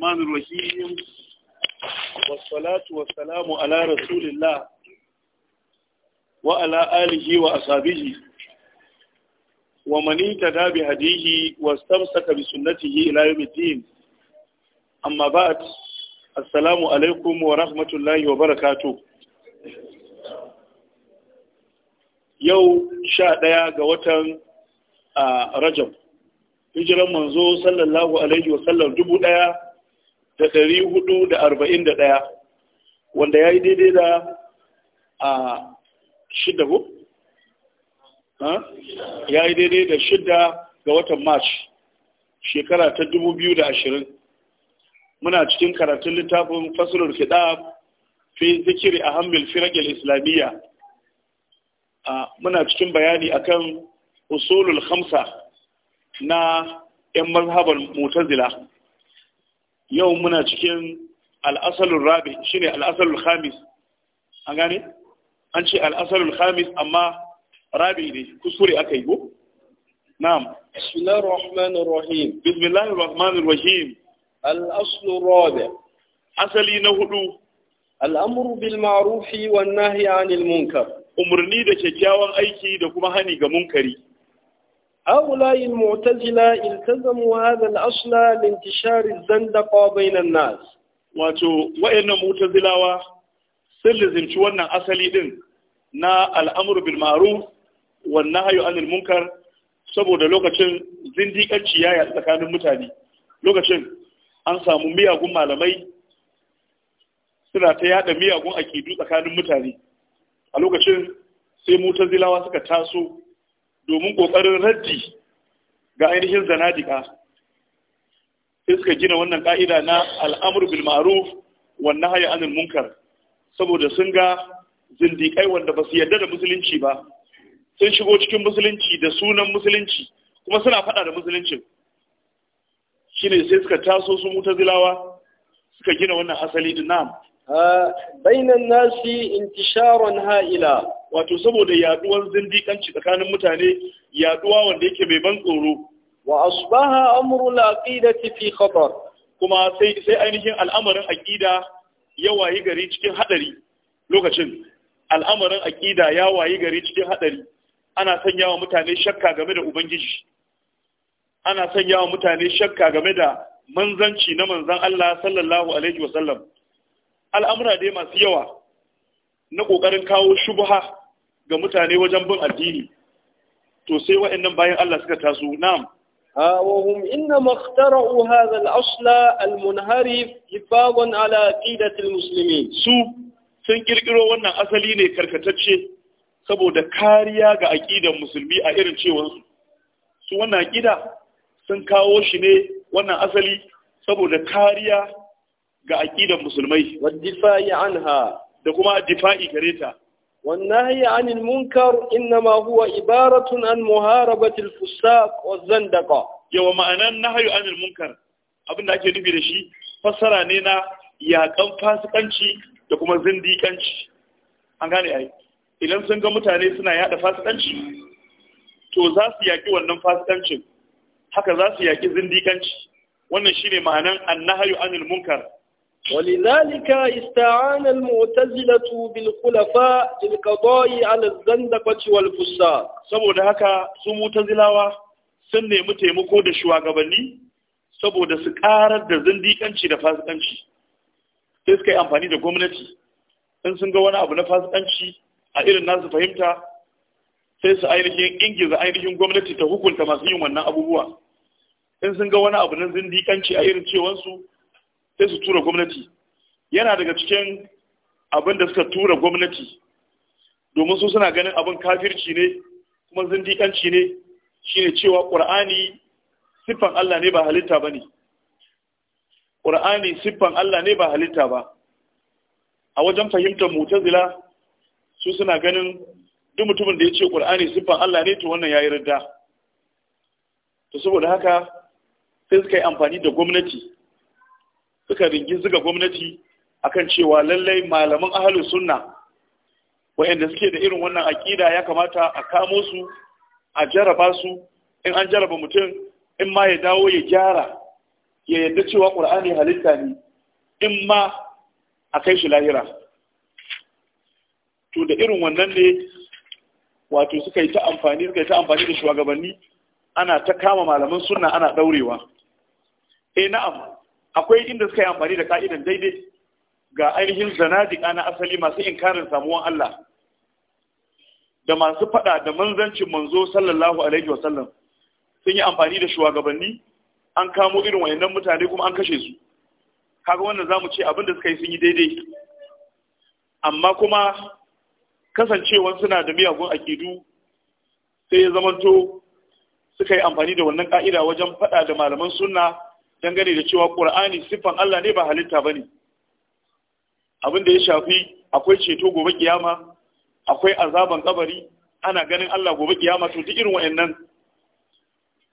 الرحمن الرحيم والصلاة والسلام على رسول الله وعلى آله وأصابه ومن اهتدى بهديه واستمسك بسنته إلى يوم الدين أما بعد السلام عليكم ورحمة الله وبركاته يو شاء ديا ga رجب rajab hijiran manzo sallallahu alaihi wasallam dubu ɗaya da ɗari hudu da arba'in da ɗaya wanda ya yi daidai da a shida ya yi daidai da shida ga watan march shekara ta dubu biyu da ashirin muna cikin karatun littafin fasulun fidab fi zikiri a hamil firagen islamiyya muna cikin bayani akan usulul hamsa na 'yan mazhabar mutazila yau muna cikin al'asalul rabi shine al'asalul khamis an gane an ce al'asalul khamis amma rabi ne kuskure aka yi go na'am bismillahir rahmanir rahim bismillahir rahmanir rahim al'aslur rabi asali na hudu al'amru bil ma'rufi wan nahyi anil munkar umurni da kyakkyawan aiki da kuma hani ga munkari هؤلاء المعتزلة التزموا هذا الأصل لانتشار الزندقة بين الناس wato wa'annan mutazilawa sun lizinci wannan asali din na Al'amur bil ma'ruf wan nahyu anil munkar saboda lokacin zindiƙanci ciyaya yaɗu tsakanin mutane lokacin an samu miyagun malamai suna ta yada miyagun akidu tsakanin mutane a lokacin sai Zilawa suka taso domin ƙoƙarin raddi ga ainihin zanadika sai suka gina wannan ƙa'ida na al'amur bil ma'ruf wa nahyi anil munkar saboda sun ga zindiƙai wanda ba su yarda da musulunci ba sun shigo cikin musulunci da sunan musulunci kuma suna faɗa da musuluncin shine sai suka taso su mutazilawa suka gina wannan asali din na'am bainan nasi intisharon ha'ila wato saboda yaduwan zindikanci tsakanin mutane yaduwa wanda yake mai ban tsoro wa asbaha amru al fi khatar kuma sai sai ainihin al'amarin aqida ya wayi gari cikin hadari lokacin al'amarin aqida ya wayi gari cikin hadari ana sanyawa mutane shakka game da ubangiji ana sanyawa mutane shakka game da manzanci na manzan Allah sallallahu alaihi wasallam al'amura dai masu yawa na ƙoƙarin kawo shubha ga mutane wajen bin addini to sai wa'annan bayan Allah suka taso na'am hadha al asla al الأصل المنهرف ala aqidati al-muslimin su sun kirkiro wannan asali ne karkatacce saboda kariya ga aƙidan musulmi a irin cewa su wannan aqida sun kawo shi ne wannan asali saboda kariya ga aƙidan musulmai wa difa'i anha da kuma difa'i gareta. والنهي عن المنكر إنما هو عبارة عن محاربة الفساق والزندقة yawa ma'anan na hayo anil munkar abin da ake nufi da shi fasara ne na yakan fasikanci da kuma zindikanci an gane ai idan sun ga mutane suna yaɗa fasikanci to za su yaki wannan fasikancin haka za su yaki zindikanci wannan shine ma'anan annahayu anil munkar ولذلك استعان المعتزلة بالخلفاء للقضاء على الزندقة والفساق saboda haka su mutazilawa sun nemi taimako da shugabanni saboda su karar da zindikanci da fasikanci sai suka yi amfani da gwamnati in sun ga wani abu na fasikanci a irin nasu fahimta sai su ainihin ingiza ainihin gwamnati ta hukunta masu yin wannan abubuwa in sun ga wani abu na zindikanci a irin cewansu sai su tura gwamnati yana daga cikin abin da suka tura gwamnati domin su suna ganin abin kafirci ne kuma zindiƙanci ne shine cewa ƙur'ani siffan Allah ne ba halitta ba ne ƙur'ani siffan Allah ne ba halitta ba a wajen fahimtar mutazila su suna ganin duk mutumin da ya ce ƙur'ani siffan Allah ne to wannan ya yi ridda to saboda haka sai suka yi amfani da gwamnati suka ringi zuga gwamnati akan cewa lallai malaman ahalus sunna wayanda suke da irin wannan aƙida ya kamata a kamo su a jaraba su in an jaraba mutum in ma ya dawo ya gyara ya yadda cewa ƙur'ani halitta ne in ma a kai shi lahira to da irin wannan ne wato suka yi ta amfani suka yi ta amfani da shugabanni ana ta kama malaman sunna ana ɗaurewa eh na'am akwai inda suka yi amfani da ka'idan daidai ga ainihin zanadika na asali masu inkarin samuwan Allah da masu faɗa da manzancin manzo sallallahu alaihi wasallam sun yi amfani da shugabanni an kamo irin wayannan mutane kuma an kashe su kaga wannan zamu ce abin da suka yi sun yi daidai amma kuma kasancewan suna da miyagun akidu sai ya zamanto suka yi amfani da wannan ka'ida wajen faɗa da malaman sunna dangane da cewa ƙur'ani siffan Allah ne ba halitta ba ne abin da ya shafi akwai ceto gobe kiyama akwai azaban kabari ana ganin Allah gobe kiyama to duk irin wa'annan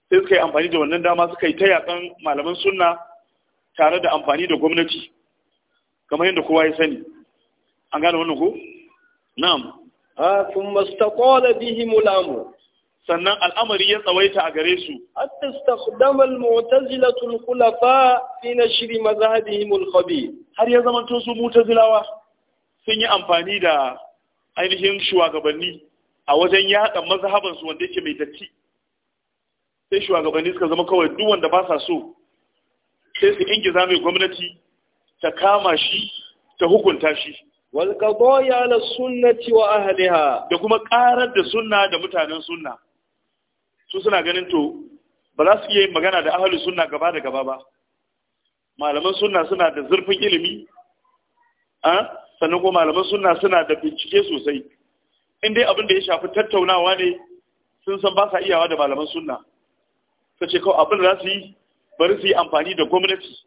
sai suka yi amfani da wannan dama suka yi ta yakan malaman sunna tare da amfani da gwamnati kamar yadda kowa ya sani an gane wannan ko na'am ah, a sun mastaqala bihim al sannan al'amari ya tsawaita a gare su hatta istakhdama al-mu'tazilatu al-khulafa fi nashri mazhabihim al har ya zama su mu'tazilawa sun yi amfani da ainihin shugabanni a wajen yaɗa mazhaban su wanda yake mai datti sai shugabanni suka zama kawai duk wanda ba sa so sai su ingiza mai gwamnati ta kama shi ta hukunta shi wal qadaya ala sunnati wa ahliha da kuma karar da sunna da mutanen sunna su suna ganin to ba za su iya yin magana da ahalus sunna gaba da gaba ba malaman sunna suna da zurfin ilimi a sannan ko malaman sunna suna da bincike sosai in dai abin da ya shafi tattaunawa ne sun san ba sa iyawa da malaman sunna ta ce kawai abin za su yi bari su yi amfani da gwamnati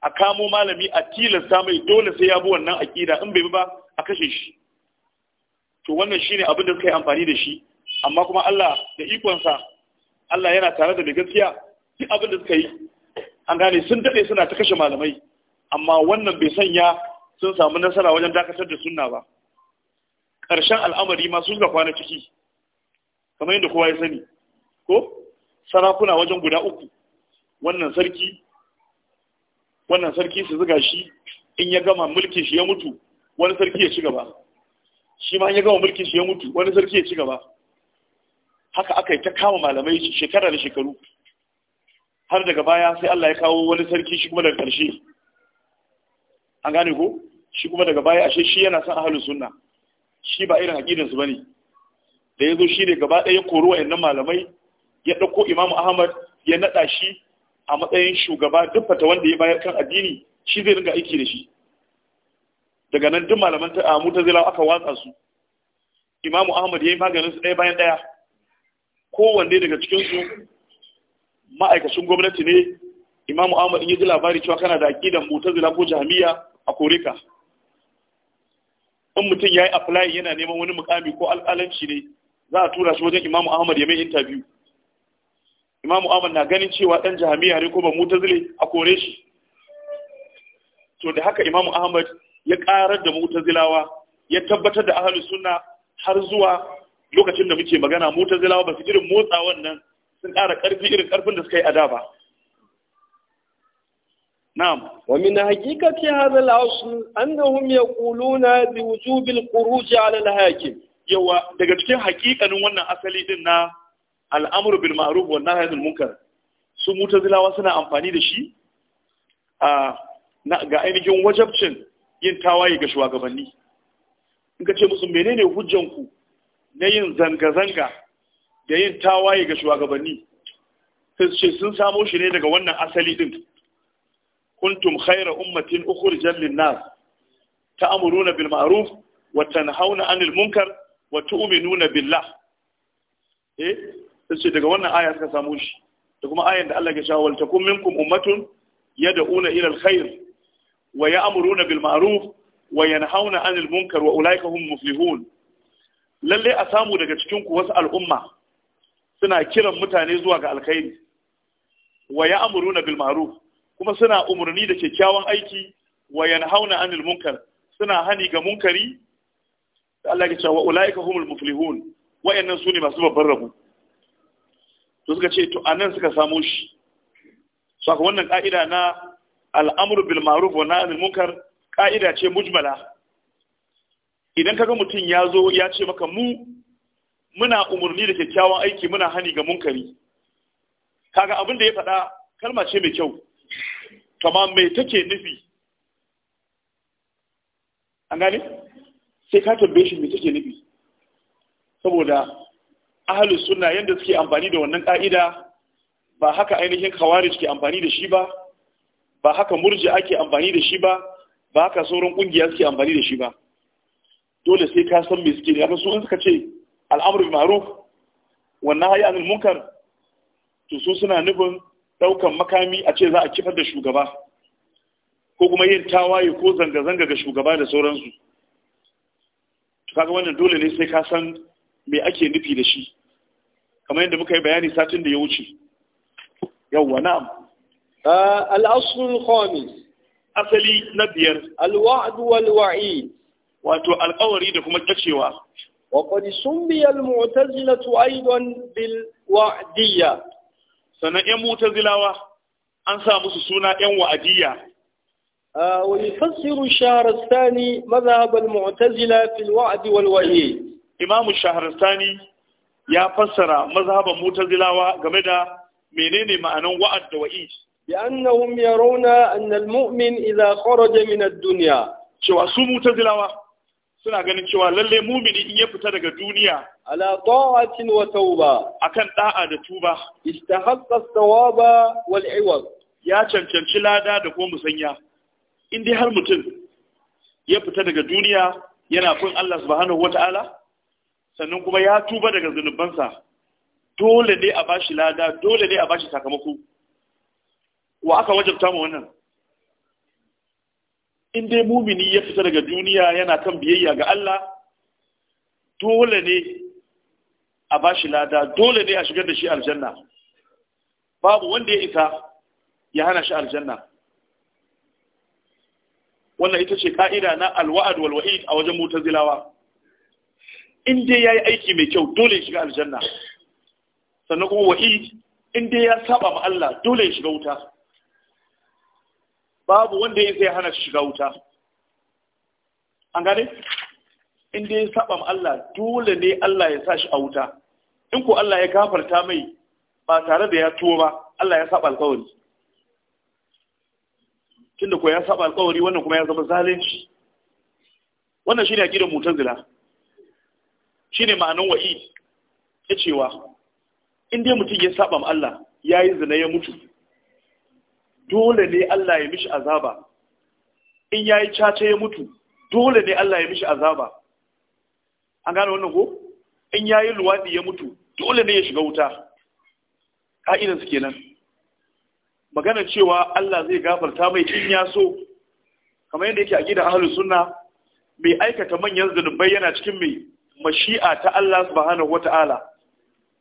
a kamo malami a tilasta mai dole sai ya bi wannan aƙida in bai bi ba a kashe shi to wannan shine abin da suka yi amfani da shi amma kuma Allah da ikonsa Allah yana tare da mai gaskiya duk abin da suka yi an gane sun daɗe suna ta kashe malamai amma wannan bai sanya sun samu nasara wajen dakatar da sunna ba ƙarshen al'amari ma sun ga kwana ciki kamar yadda kowa ya sani ko sarakuna wajen guda uku wannan sarki wannan sarki su zuga shi in ya gama mulkin shi ya mutu wani sarki ya ci gaba shi ma ya gama mulkin shi ya mutu wani sarki ya ci gaba haka aka yi ta kama malamai shekara da shekaru har daga baya sai Allah ya kawo wani sarki shi kuma daga ƙarshe an gane ko shi kuma daga baya ashe shi yana son halin sunna shi ba irin aqidan su bane da ya zo shi ne gaba ɗaya koro 'yannan malamai ya ɗauko Imam Ahmad ya nada shi a matsayin shugaba duk fata wanda ya bayar kan addini shi zai ringa aiki da shi daga nan duk malaman ta mutazila aka watsa su Imam Ahmad ya yi maganin su ɗaya bayan ɗaya kowanne daga cikinsu ma'aikacin gwamnati ne imamu ahmad in yi ji labari cewa kana da aƙidan mutazila ko jami'a a koreka in mutum ya yi apply yana neman wani mukami ko alƙalanci ne za a tura shi wajen imamu ahmad ya mai interview imamu ahmad na ganin cewa ɗan jami'a ne ko ba zile a kore shi to da haka imamu ahmad ya ƙarar da mutazilawa ya tabbatar da ahalus sunna har zuwa lokacin da muke magana mutazilawa ba su irin motsa wannan sun ƙara ƙarfi irin ƙarfin da suka yi a da ba al ومن annahum yaquluna bi wujub al-khuruj 'ala al-hakim. Yawa daga cikin haƙiƙanin wannan asali din na al'amru bil ma'ruf wa nahy anil munkar su mutazilawa suna amfani da shi a ga ainihin wajabcin yin tawaye ga shugabanni in ka ce musu menene hujjanku na yin zanga-zanga da yin tawaye ga shugabanni ce sun samo shi ne daga wannan asali din kuntum khaira ummatin ukhrijat lin-nas ta'muruna bil ma'ruf wa tanhauna 'anil munkar wa tu'minuna billah eh ce daga wannan aya suka samo shi da kuma ayan da Allah ya shawo wal takum minkum ummatun yad'una ila al-khair wa ya'muruna bil ma'ruf wa yanhauna 'anil munkar wa ulaika hum muflihun Lallai a samu daga cikin wasu al'umma suna kiran mutane zuwa ga alkhairi wa ya'muruna bil ma'ruf kuma suna umarni da kyakkyawan aiki wa yanhauna 'anil munkar suna hani ga munkari da Allah ya ce wa ulaika humul muflihun wayannan sune masu babban rabo to suka ce to anan suka samu shi saka wannan ka'ida na al'amru bil ma'ruf wa nahyi anil munkar ka'ida ce mujmala idan ka ga mutum ya zo ya ce maka mu muna umarni da kyakkyawan aiki muna hani ga munkari kaga abin da ya faɗa kalma ce mai kyau kama mai take nufi an gane sai ka tambaye shi mai take nufi saboda ahalus suna yadda suke amfani da wannan ka'ida ba haka ainihin khawarij ke amfani da shi ba ba haka murji ake amfani da shi ba ba haka sauran ƙungiya suke amfani da shi ba dole sai ka san me suke da amma su in suka ce al'amru bil ma'ruf wannan hayi anil munkar to su suna nufin daukan makami a ce za a kifar da shugaba ko kuma yin tawaye ko zanga zanga ga shugaba da sauransu to kaga wannan dole ne sai ka san me ake nufi da shi kamar yadda muka yi bayani satin da ya wuce yawwa na'am al khamis asali na biyar al-wa'd wal wato alkawari da kuma tacewa. Wakon sumbiyar motar zila tuwaidon wa'adiyya. Sannan ‘yan motar zilawa an sa musu suna ‘yan wa'adiyya. Wani fassiru shaharastani mazhabal mu'tazila fil wa'adi wal wahyi. Imam shaharastani ya fassara mazhabar mu'tazilawa game da menene ma'anan wa'ad da wa'i. Bi annahum yarawna anna mumin idha kharaja min ad-dunya. Cewa su suna ganin cewa lalle mumini in ya fita daga duniya ala ta'atin wa tauba akan da'a da tuba istahaqqa thawaba wal iwad ya cancanci lada da kuma musanya in dai har mutum ya fita daga duniya yana kun Allah subhanahu wata'ala sannan kuma ya tuba daga zunubansa dole ne a bashi lada dole ne a bashi sakamako wa aka wajabta mu wannan in dai mumini ya fita daga duniya yana kan biyayya ga Allah dole ne a bashi lada dole ne a shigar da shi aljanna babu wanda ya isa ya hana shi aljanna wannan ita ce ka'ida na alwa'ad wal wa'id a wajen mutazilawa in dai yayi aiki mai kyau dole ya shiga aljanna sannan kuma wa'id in dai ya saba ma Allah dole ya shiga wuta babu wanda ya sai hana shiga wuta an gane inda ya saba ma Allah dole ne Allah ya sa shi a wuta in ko Allah ya gafarta mai ba tare da ya tuwo ba Allah ya saba alƙawari tunda ko ya saba alƙawari wannan kuma ya zama zalunci wannan shine aqidar Shi shine ma'anar wa'i ya cewa inda mutum ya saba ma Allah yi zina ya mutu dole ne Allah ya mishi azaba in yayi caca ya mutu dole ne Allah ya mishi azaba an gane wannan ko in yayi luwadi ya mutu dole ne ya shiga wuta ka'idan su kenan magana cewa Allah zai gafarta mai in ya so kamar yadda yake a gidan ahlus sunna mai aikata manyan zunubai yana cikin mai mashi'a ta Allah subhanahu wata'ala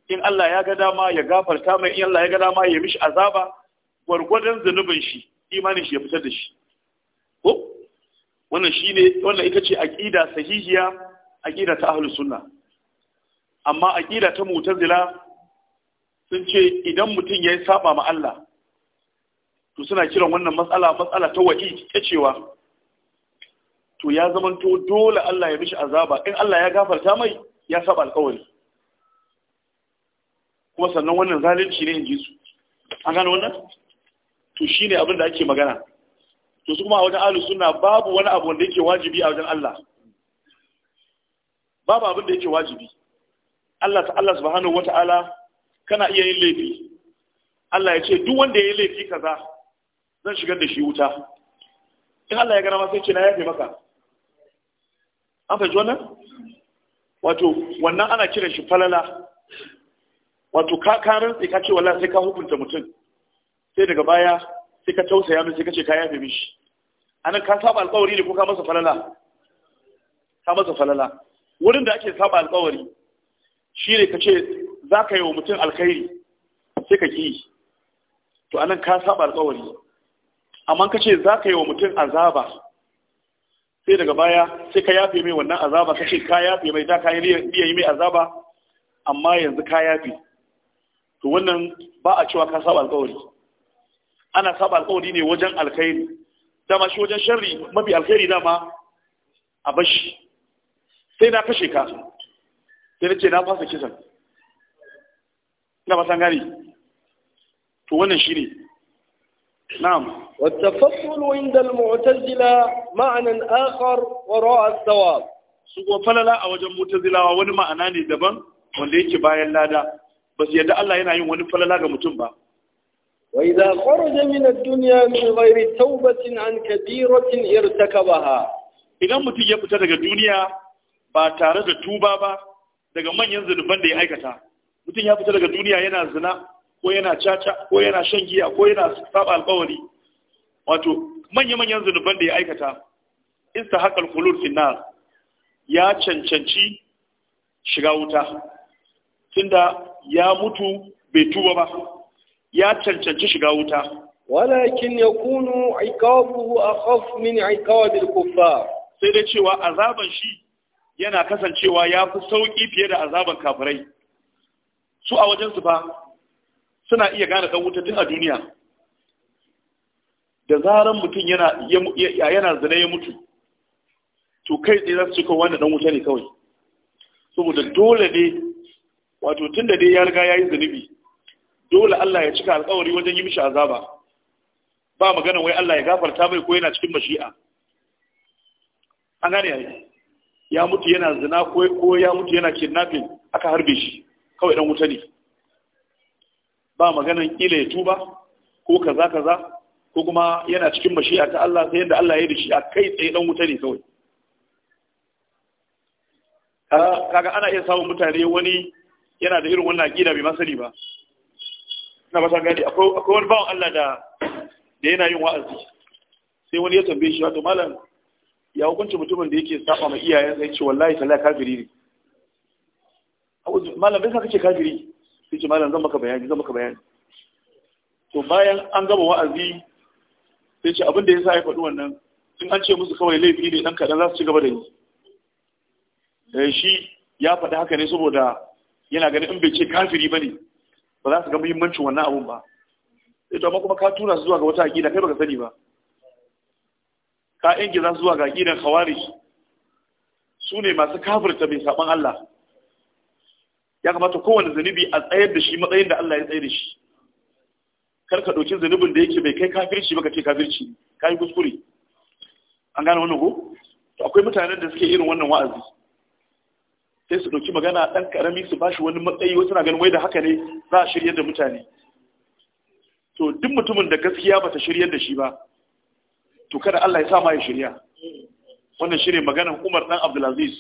in Allah ya ga dama ya gafarta mai in Allah ya ga dama ya mishi azaba gwargwadon zunubin shi imanin shi ya fitar da shi ko wannan ne wannan ita ce aƙida sahihiya aƙida ta ahlus sunna amma aƙida ta mu'tazila sun ce idan mutum ya yi saba ma Allah to suna kiran wannan matsala matsala ta wa'i ta cewa to ya zamanto dole Allah ya mishi azaba in Allah ya gafarta mai ya saba alƙawari kuma sannan wannan zalunci ne in ji su an gano wannan to shine abin da ake magana to su kuma a wajen ahlus sunna babu wani abu wanda yake wajibi a wajen Allah babu abin da yake wajibi Allah ta Allah subhanahu wata'ala kana iya yin laifi Allah ya ce duk wanda ya yi laifi kaza zan shigar da shi wuta in Allah ya gana ma sai ce na yafe maka an fahimci wannan wato wannan ana kiran shi falala wato ka karin sai ka ce wallahi sai ka hukunta mutum sai daga baya sai ka tausaya min sai ka ce ka yafe mishi anan ka saba alƙawari ne ko ka masa falala ka masa falala wurin da ake saba alƙawari shi ne ka ce za ka yi wa mutum alkhairi sai ka ki to anan ka saba alƙawari amma ka ce za ka yi wa mutum azaba sai daga baya sai ka yafe mai wannan azaba ka ce ka yafe mai da ka yi iya yi mai azaba amma yanzu ka yafe to wannan ba a cewa ka saba alƙawari ana saba alƙawari ne wajen alkhairi dama shi wajen sharri mafi alkhairi dama a bashi sai na kashe ka sai na ce na fasa kisan na basan gani to wannan shi ne na'am wata fasulu inda al zila ma'anan akhar wa ra'a thawab su go falala a wajen mu'tazilawa wani ma'ana ne daban wanda yake bayan lada ba su yadda Allah yana yin wani falala ga mutum ba وإذا خرج من الدنيا من غير توبة عن كبيرة ارتكبها idan mutum ya fita daga duniya ba tare da tuba ba daga manyan zunuban da ya aikata mutum ya fita daga duniya yana zina ko yana caca ko yana shan giya ko yana saba alkawari wato manya-manyan zunuban da ya aikata insta haƙar kulur finnar ya cancanci shiga wuta tunda ya mutu bai tuba ba ya cancanci shiga wuta walakin yakunu iqabuhu akhaf min iqabil kuffar sai da cewa azaban shi yana kasancewa ya fi sauƙi fiye da azaban kafirai su a wajensu ba suna iya gane ɗan wuta tun a duniya da zaran mutum yana zina ya mutu to kai tsaye za su cika wanda ɗan wuta ne kawai saboda dole ne wato tun da dai ya riga ya yi zunubi dole Allah ya cika alƙawari wajen yi mishi azaba ba magana wai Allah ya gafarta mai ko yana cikin mashi'a an gane yayi ya mutu yana zina ko ya mutu yana kidnapping aka harbe shi kawai dan wuta ne ba magana kila ya tuba ko kaza kaza ko kuma yana cikin mashi'a ta Allah sai yadda Allah ya yi da shi a kai tsaye dan wuta ne kawai kaga ana iya samun mutane wani yana da irin wannan aqida bai masani ba na ba ta gani akwai wani bawan Allah da da yana yin wa'azi sai wani ya tambaye shi wato malam ya hukunci mutumin da yake saba ma iyayen sai ce wallahi talaka kafiri ne malam bai sa ce kafiri sai ce malam zan maka bayani zan maka bayani to bayan an gaba wa'azi sai ce abin da ya sa ya faɗi wannan in an ce musu kawai laifi ne ɗan kaɗan za su ci gaba da yi eh, shi ya faɗi haka ne saboda yana ganin in bai ce kafiri ba ne ba za su ga muhimmancin wannan abun ba sai eh, to kuma ka tura su zuwa ga wata aqida kai baka sani ba ka za su zuwa ga aqidan khawarij su ne masu kafirta mai saban Allah ya kamata kowane zanubi a tsayar da shi matsayin da Allah ya tsayar da shi kar ka dauki zanubin da yake bai kai kafirci ba ka ce kafirci ka kuskure an gane wannan ko to akwai mutanen da suke irin wannan wa'azi sai su ɗauki magana ɗan ƙarami su bashi wani matsayi wasu na ganin wai da haka ne za a shirya da mutane to duk mutumin da gaskiya bata shirya da shi ba to kada Allah ya sa ma ya shirya wannan shine maganar Umar dan Abdulaziz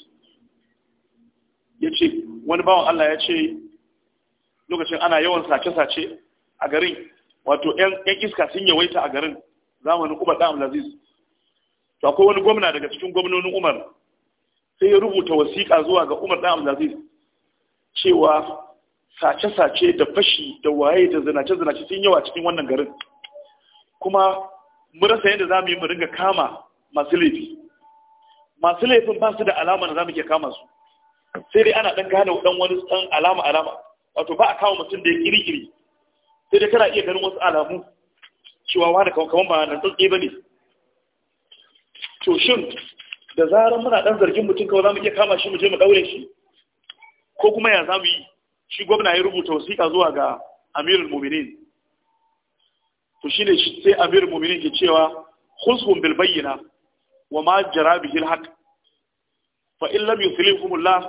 ce wani bawan Allah ya ce lokacin ana yawan sace-sace a garin wato 'Yan iska sun yawaita a garin zamanin Umar dan Abdulaziz to akwai wani gwamna daga cikin gwamnonin Umar sai ya rubuta wasiƙa zuwa ga Umar ɗan Abdulaziz cewa sace-sace da fashi da waye da zinace-zinace sun yawa cikin wannan garin kuma mu rasa yadda za mu yi mu ringa kama masu laifi masu laifin ba su da alama da za mu ke kama su sai dai ana ɗan gane ɗan wani ɗan alama-alama wato ba a kawo mutum da ya ƙiri-ƙiri sai dai kana iya ganin wasu alamu cewa wani kamar ba nan tsantsi ba ne to shin da zarar muna ɗan zargin mutum kawai za mu iya kama shi mu je mu ɗaure shi ko kuma ya za mu yi shi gwamna ya rubuta wasiƙa zuwa ga amirul muminin to shine sai amirul muminin ke cewa khuzhum bil bayyina wa ma jara bihi al haqq fa in lam yuslihukumullah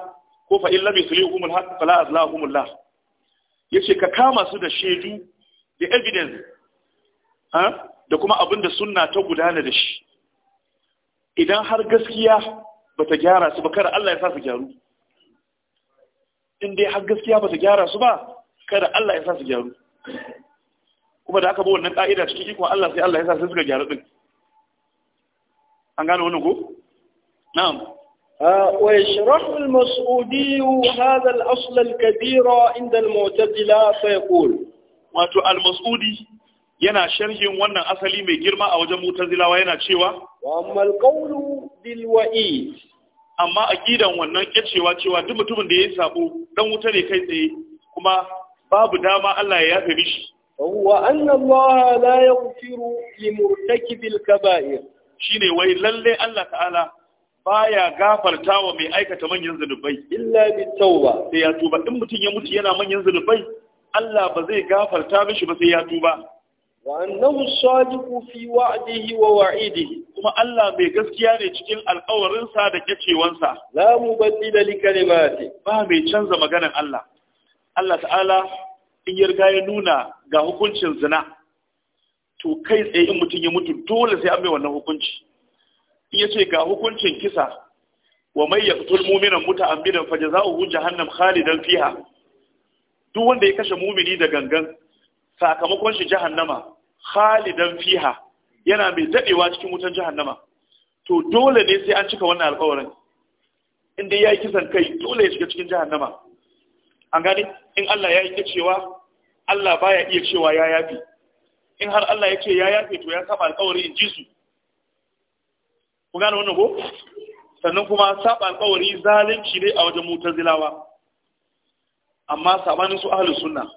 ko fa in lam yuslihukumul haqq fala azlahumullah yace ka kama su da shaidu da evidence ha ah, da kuma abin da sunna ta gudana da shi idan har gaskiya ba ta gyara su ba kada Allah ya sa su gyaru in dai har gaskiya ba ta gyara su ba kada Allah ya sa su gyaru kuma da aka bi wannan ka'ida cikin ikon Allah sai Allah ya sa su suka gyaru din an gane wannan ko na'am ويشرح المسعودي هذا الأصل الكبير عند المعتزلة فيقول wato al-mas'udi yana sharhin wannan asali mai girma a wajen mutazilawa yana cewa wa ammal qawlu bil wa'id amma wannan yacewa cewa cewa duk mutumin da ya yi sabo dan wuta ne kai tsaye kuma babu dama Allah ya yafe mishi wa anna Allah la yaghfiru li murtakibil kaba'ir shine wai lalle Allah ta'ala baya gafartawa mai aikata manyan zunubai illa bit tauba sai ya tuba in mutum ya mutu yana manyan zunubai Allah ba zai gafarta mishi ba sai ya tuba wa annahu sadiqu fi wa'dihi wa wa'idihi kuma Allah mai gaskiya ne cikin alƙawarinsa da kyacewansa la mubaddila li kalimati ba mai canza maganar Allah Allah ta'ala in yarga ya nuna ga hukuncin zina to kai tsaye in mutum ya mutu dole sai an mai wannan hukunci in yace ga hukuncin kisa wa mai yaqtul mu'mina muta'ammidan fajaza'uhu jahannam khalidan fiha duk wanda ya kashe mumini da gangan sakamakon shi jahannama khalidan fiha yana mai dadewa cikin wutan jahannama to dole ne sai an cika wannan alƙawarin in dai yayi kisan kai dole ya shiga cikin jahannama an gane in Allah ya yi cewa Allah baya iya cewa ya yafi in har Allah ya ce ya yafe to ya saba alƙawari in ji su ku gane wannan ko sannan kuma saba alƙawari zalunci ne a wajen mutazilawa amma sabanin su ahlus sunna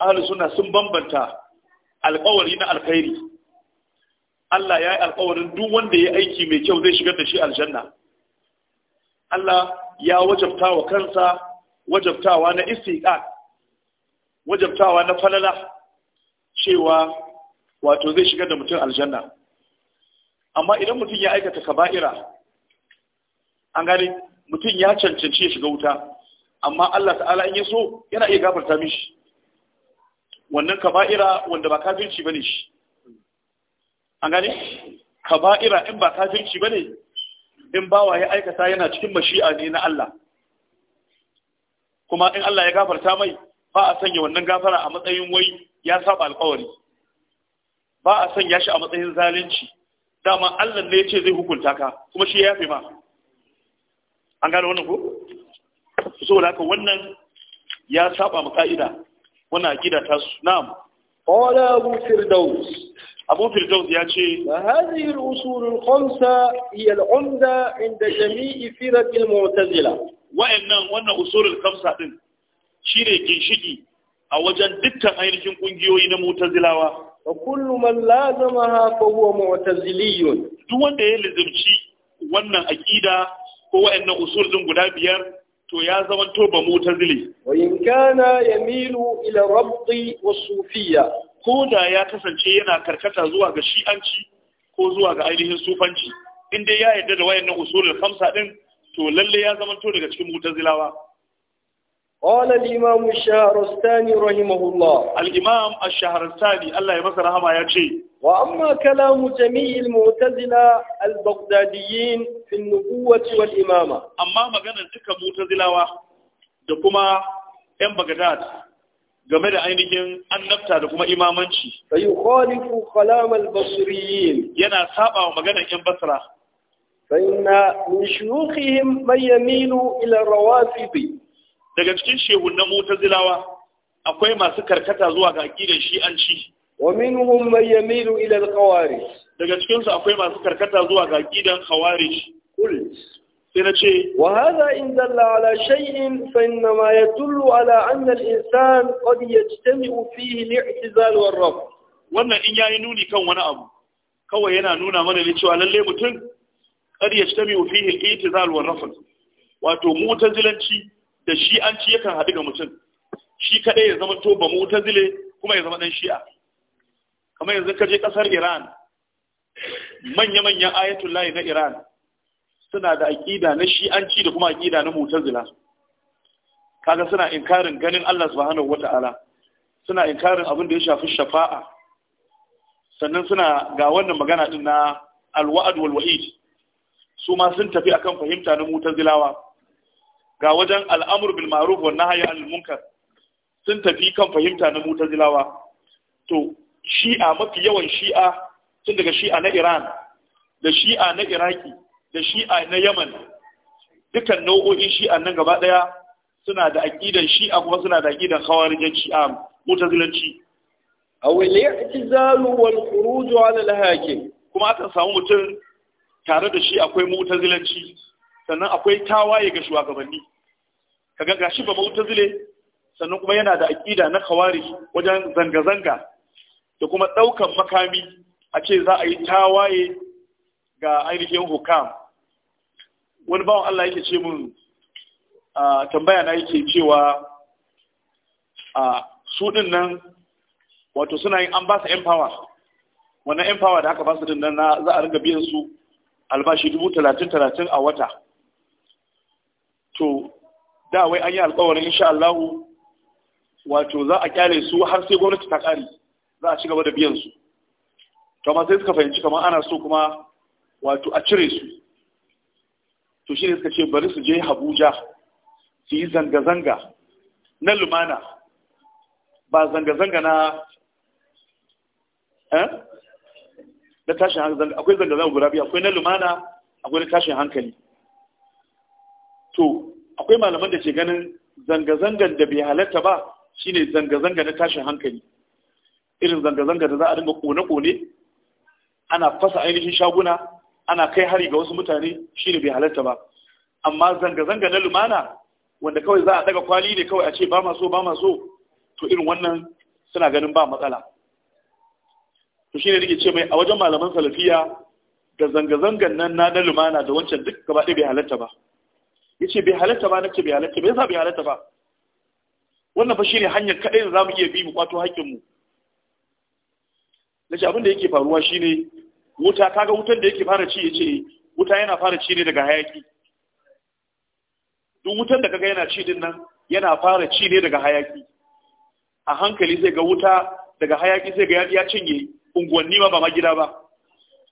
ahlus sunna sun bambanta alƙawari na alkhairi Allah ya yi alƙawarin duk wanda ya aiki mai kyau zai shigar da shi aljanna Allah ya wajabta kansa wajabtawa na istiqa wajabtawa na falala cewa wato zai shigar da mutum aljanna amma idan mutum ya aikata kaba'ira an gani mutum ya cancanci ya shiga wuta amma Allah ta'ala in ya so yana iya gafarta mishi wannan kaba'ira wanda ba kafirci bane shi an gane kaba'ira in ba kafirci bane in bawa ya aikata yana cikin mashi'a ne na Allah kuma in Allah ya gafarta mai ba a sanya wannan gafara a matsayin wai ya saba alkawari ba a sanya shi a matsayin zalunci dama Allah ne ya ce zai hukunta ka kuma shi ya yafe ma an gane wannan ko saboda haka wannan ya saba mu ka'ida muna akida ta su na'am qala abu firdaus abu firdaus ya ce hadhihi al-usul al-khamsa hiya al-umda inda jami'i firaq al-mu'tazila wa'annan wannan usul al-khamsa din shine ginshiki a wajen dukkan ainihin kungiyoyi na mu'tazilawa wa kullu man lazamaha fa huwa mu'taziliyun duk wanda ya lazimci wannan akida ko wa'annan usul din guda biyar to ya zama to ba mutazili wa in kana yamilu ila rabdi wa sufiyya ko da ya kasance yana karkata zuwa ga shi'anci ko zuwa ga ainihin sufanci in dai ya yarda da wayannan usulul khamsa din to lalle ya zama to daga cikin zilawa. قال الإمام الشهرستاني رحمه الله الإمام الشهرستاني الله يمسر هما يجي وأما كلام جميع المعتزلة البغداديين في النبوة والإمامة أما ما كان تلك المعتزلة دكما إن بغداد game da ainihin annabta da kuma imamanci fa yukhalifu kalam al-basriyin yana saba wa maganar yan basra fa inna min shuyukhihim man yamilu ila rawafidi daga cikin shehun na mutazilawa akwai masu karkata zuwa ga aqidar shi'anci wa minhum man yamilu ila al-khawarij daga cikin su akwai masu karkata zuwa ga aqidar khawarij qult sai na ce wa hadha in dalla ala shay'in fa inna ma yadullu ala anna al-insan qad yajtami'u fihi al-i'tizal wal wannan in yayi nuni kan wani abu kawai yana nuna mana ne cewa lalle mutum qad yajtami'u fihi al-i'tizal wal-rafd wato mutazilanci da shi an ci yakan haɗu ga mutum shi kaɗai ya zama to ba mu ta zile kuma ya zama ɗan shi'a kamar yanzu ka je ƙasar iran manya-manyan ayatullahi na iran suna da aƙida na shi'anci da kuma aƙida na mutazila kaga suna inkarin ganin allah subhanahu wata'ala suna inkarin abin da ya shafi shafa'a sannan suna ga wannan magana din na alwa'ad wal wa'id su ma sun tafi akan fahimta na mutazilawa ga wajen al'amur bil ma'ruf wa nahyi anil munkar sun tafi kan fahimta na mutazilawa to shi'a mafi yawan shi'a tun daga shi'a na Iran da shi'a na Iraki da shi'a na Yaman Dukkan nau'o'in shi'a nan gaba daya suna da aqidan shi'a kuma suna da aqidan khawarijin shi'a mutazilanci ya al-i'tizalu wal khuruj 'ala al-hakim kuma aka samu mutum tare da shi akwai mutazilanci sannan akwai tawaye ga shugabanni kaga gashi ba zile, sannan kuma yana da aƙida na kawari wajen zanga-zanga da kuma ɗaukan makami a ce za a yi tawaye ga ainihin hukam wani bawan Allah yake ce mun a tambaya na yake cewa a su din nan wato suna yin an ba su empower wannan empower da aka ba su din nan za a riga biyan su albashi dubu talatin talatin a wata to da wai an yi alƙawarin insha Allah wato za a kyale su har sai gwamnati ta kare za a ci gaba da biyan su to amma sai suka fahimci kamar ana so kuma wato a cire su to shi ne suka ce bari su je Abuja su yi zanga-zanga na lumana ba zanga-zanga na eh na tashin hankali akwai zanga-zanga guda biyu akwai na lumana akwai na tashin hankali to akwai malaman da ke ganin zanga-zangan da bai halatta ba shine zanga-zanga na tashin hankali irin zanga-zanga da za a dinga kone-kone ana fasa ainihin shaguna ana kai hari ga wasu mutane shine bai halatta ba amma zanga-zanga na lumana wanda kawai za a daga kwali ne kawai a ce ba ma so ba ma so to irin wannan suna ganin ba matsala to shine nake ce mai a wajen malaman salafiya da zanga-zangan nan na lumana da wancan duk gaba ɗaya bai halatta ba yace bai halatta ba nace bai halatta bai yasa bai halatta ba wannan fa shine hanyar kadai da zamu iya bi mu kwato haƙƙin mu nace abin da yake faruwa shine wuta kaga wutar da yake fara ci yace wuta yana fara ci ne daga hayaki duk wutar da kaga yana ci din nan yana fara ci ne daga hayaki a hankali sai ga wuta daga hayaki sai ga ya cinye unguwanni ma ba ma gida ba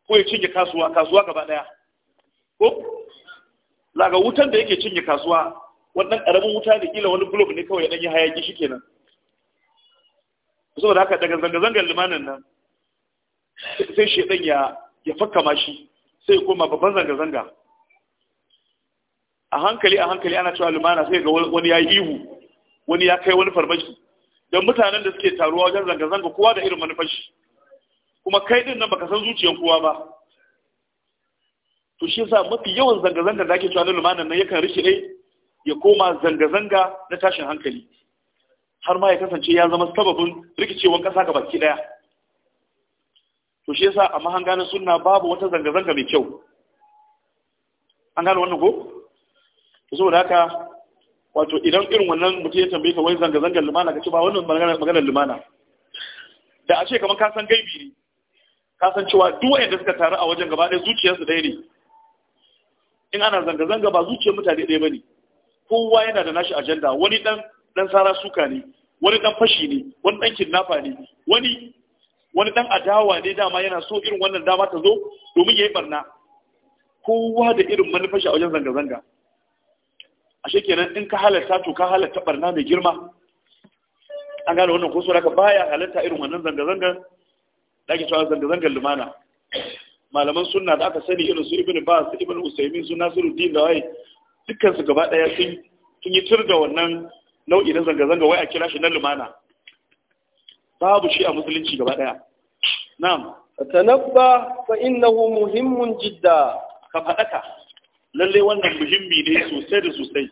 ko ya cinye kasuwa kasuwa gaba daya ko zaga wutan da yake cinye kasuwa wannan karamin wuta da kila wani globe ne kawai dan yi hayaki shikenan saboda haka daga zanga-zangar limanin nan sai shedan ya ya fakka mashi sai koma babban zanga-zanga a hankali a hankali ana cewa lumana sai ga wani ya yi ihu wani ya kai wani farmaki don mutanen da suke taruwa wajen zanga-zanga kowa da irin shi kuma kai din nan baka san zuciyar kowa ba to shi yasa mafi yawan zanga-zanga da ake cewa na lumanan nan yakan ne ya koma zanga-zanga na tashin hankali har ma ya kasance ya zama sababin rikicewar ƙasa ga baki ɗaya to shi yasa amma mahanga sunna babu wata zanga-zanga mai kyau an gane wannan ko to saboda haka wato idan irin wannan mutum ya tambaye ka wai zanga-zangar lumana ka ce ba wannan maganar lumana da a ce kamar ka san gaibi ne ka san cewa duk wanda suka taru a wajen gaba ɗaya zuciyarsu ɗaya ne in ana zanga-zanga ba zuciyar mutane ɗaya ba ne kowa yana da nashi ajanda wani ɗan ɗan sara suka ne wani ɗan fashi ne wani ɗan kidnafa ne wani wani ɗan adawa ne dama yana so irin wannan dama ta zo domin ya yi barna kowa da irin fashi a wajen zanga-zanga ashe kenan in ka halarta to ka halarta barna mai girma an gane wannan ko so baya halarta irin wannan zanga-zangar da ake cewa zanga-zangar lumana malaman sunna da aka sani irin su ibn bas ibn Usaymin su nasiruddin da wai dukkan su gaba daya sun sun yi tur da wannan nau'i na zanga zanga wai a kira shi na lumana babu shi a musulunci gaba daya na'am tanabba fa innahu muhimmun jidda ka fadaka lalle wannan muhimmi ne sosai da sosai